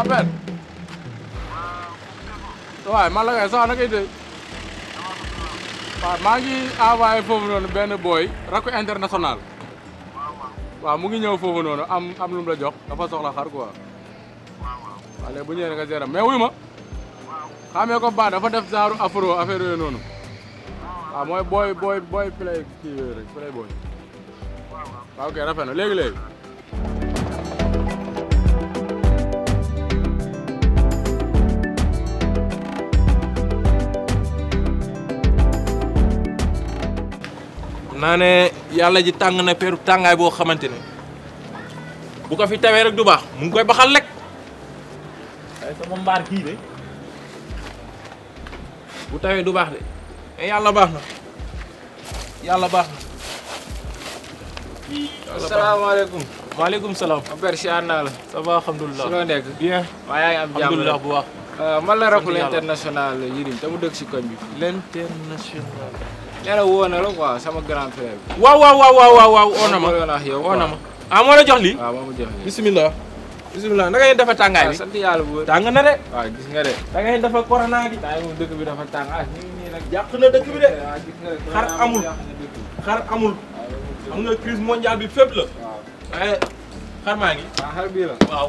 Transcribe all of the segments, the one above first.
appelle waaye man la kay sax na koy maa ngi envoyé foofu noonu benn booy rakku international waa mu ngi ñëw foofu noonu am am lu mu la jox dafa soxla xar quoi waaw léegi bu ñëwee rek nga seeram mais wuy ma ko baa dafa def genre afro affaire yooyu noonu waaw mooy booy booy boy play kii rek play booy waaw ok rafet na léegi-léegi naa yàlla ji tàng na peeru tàngaay boo xamante ne bu ko fi tawee rek du baax mu ngi koy baxal lekk waaye sama mbaar bu tawee du baax de mais yàlla baax na yàlla baax na. asalaamaaleykum. maaleykum salaam. Père si ànd naa la. ça va alhamdulilah su loo nekk. bien waaye am bu baax. Euh, man la rakku l'international Yirim te mu dëkk si koñ bi. l'international. nee na woo na la quoi sama grand frère bi. waaw waaw waaw waaw waaw oo na ma oo na ma ah moo la jox lii. waaw ah, moo ma jox lii bisimilah. bisimilah na ngeen dafa tàngaay bi ah, sant yàlla bu tàng na de. waaw ah, gis nga de. da ngeen dafa corona gi. daa moom dëkk bi dafa tàng ah ñu ngi nii nag. jàq na dëkk bi de xar amul xar amul xam nga crise mondiale bi fépp la. waaye eh, xar maa ngi. waaw xar bii la waaw.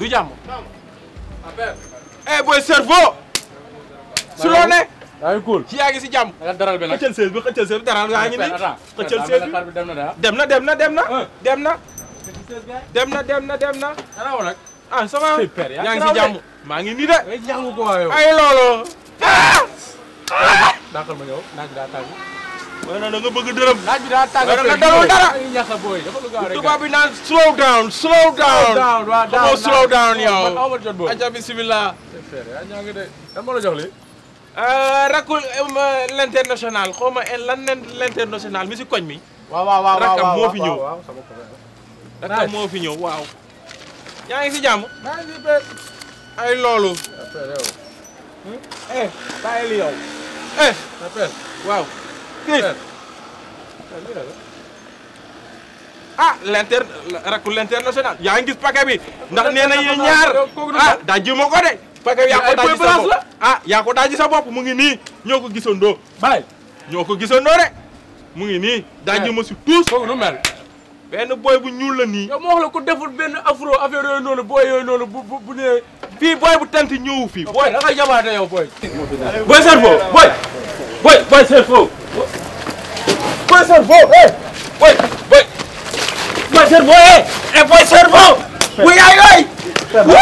du jàmm. eh booy cerveau. su loo ne. yaa ngi ci yaa si jàmm. daral bi nag xëccal sees bi xëccal sees bi daral yaa ngi nii. xëccal sees bi dem na dem na dem na. dem na dem na dem na dem na. ah ça va yaa ngi si jàmm. maa ngi nii de. ay loolu. ah. d'accord ma ñëw mooy nag da nga bëgg dërëm. naaj bi daa tàng nga daloo dara. tubaab bi naan slow down slow down. waaw daaw slow down yow. aja bisimilah. ma ah, la jox lii. Euh, rakul um, euh, l' international xaw ma eh, mi si koñ mi. waaw waaw waaw ñëw. waaw. yaa ngi si jàmm. ay loolu. fii ah l' inter rakku l' yaa ngi gis paquet bi ndax nee na yéen ñaar ah daaji ma ko de. paquet bi yaa ko daaji sa bopp ah, yaa ko daaji sa mu ngi nii ñoo ko gisandoo. bàyyi ñoo ko gisandoo de mu ngi nii daaji eh. ma si tuus. kooku nu mel. benn booy bu ñuul la nii. yow la ko deful benn afro affaire yooyu noonu bu bu fii booy bu tant ñëwu fii. booy da nga Pwè servou, wè! Pwè, wè! Pwè servou, wè! Pwè servou! Pwè!